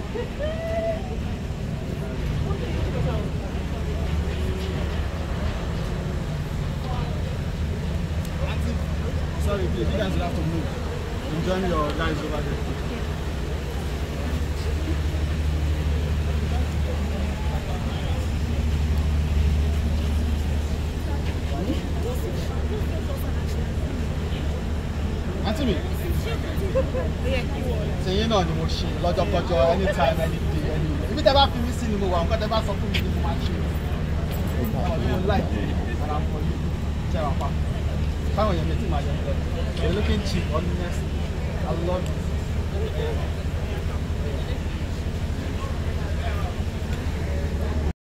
Sorry, you guys will have to move. And your guys over there. Answer me tèyí náà ni mo ṣe lọ́jọ́kọjọ́ anytime any day any way ibi tẹ bá fi mí sí ni mo wà nǹkan tẹ bá sọ fún mi ni mo máa ṣe ọ̀rọ̀ mi ò láìpẹ́ ara ń kọjú jẹ́ wà pa báwọn èèyàn mi ti máa yọ mí lẹ́nu you're looking cheap honest I love you.